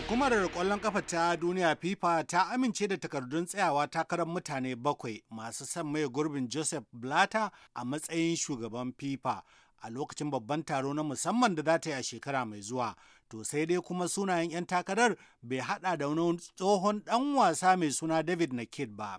Hukumar kwallon kafa ta duniya FIFA ta amince da takardun tsayawa takarar mutane bakwai masu son mai gurbin Joseph Blatter a matsayin shugaban FIFA a lokacin babban taro na musamman da za ta yi a shekara mai zuwa. To sai dai kuma sunayen 'yan takarar bai hada da wani tsohon dan wasa mai suna David Nakid ba.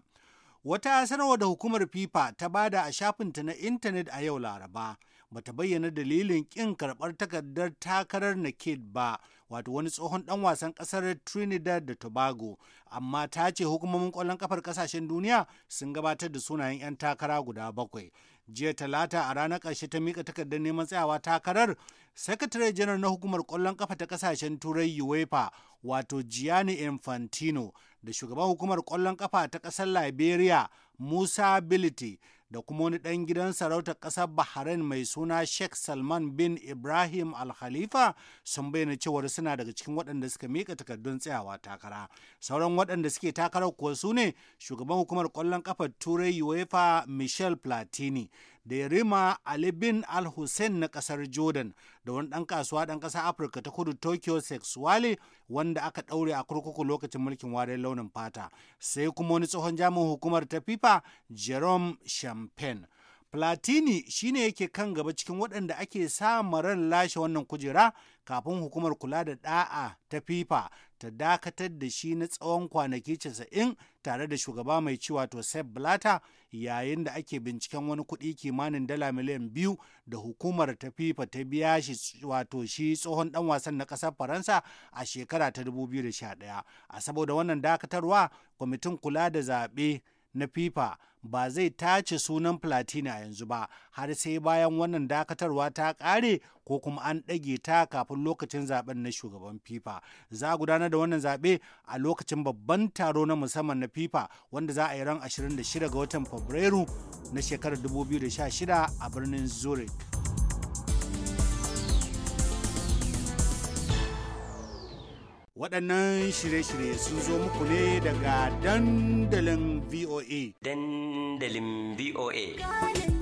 Wata sanarwa da hukumar FIFA ta bada a shafinta na intanet a yau Laraba bata bayyana dalilin ƙin karɓar takardar takarar Nakid ba. wato wani tsohon dan wasan kasar Trinidad da Tobago amma ta ce hukumomin kwallon kafar kasashen duniya sun gabatar da sunayen 'yan takara guda bakwai. jiya talata a ranar ƙarshe ta mika takardar neman tsayawa takarar sakatare janar na hukumar kwallon kafa ta ƙasashen turai uefa wato gianni infantino da shugaban hukumar kwallon kafa ta ƙasar liberia musa bility da kuma wani ɗan gidan sarautar ƙasar Bahrain mai suna Sheikh Salman bin Ibrahim Al Khalifa sun bayyana cewa suna daga cikin waɗanda suka miƙa takardun tsayawa takara. Sauran waɗanda suke takarar kuwa su ne shugaban hukumar ƙwallon ƙafar Turai UEFA Michel Platini da Yarima Ali bin Al Hussein na kasar Jordan da wani ɗan kasuwa ɗan ƙasar Afirka ta kudu Tokyo Sexuale wanda aka ɗaure a kurkuku lokacin mulkin wariyar launin fata sai kuma wani tsohon jami'in hukumar ta FIFA Jerome Champagne. Platini ne yake kan gaba cikin waɗanda ake sa ran lashe wannan kujera kafin hukumar kula da ɗa'a ta FIFA ta dakatar da shi na tsawon kwanaki 90 tare da shugaba mai ci wato Sepp Blatter yayin da ake binciken wani kuɗi kimanin dala miliyan biyu da hukumar ta FIFA ta biya shi wato shi tsohon ɗan wasan na ƙasar Faransa a shekara ta 2011. A saboda wannan dakatarwa kwamitin kula da zaɓe na FIFA ba zai tace sunan platina yanzu ba har sai bayan wannan dakatarwa ta ƙare ko kuma an ɗage ta kafin lokacin zaben na shugaban FIFA. Za a gudanar da wannan zaɓe a lokacin babban taro na musamman na FIFA wanda za a yi ran 26 ga watan Fabrairu na shekarar 2016 a birnin Zurich. Waɗannan shirye-shirye sun zo muku ne daga dandalin VOA. Dandalin VOA.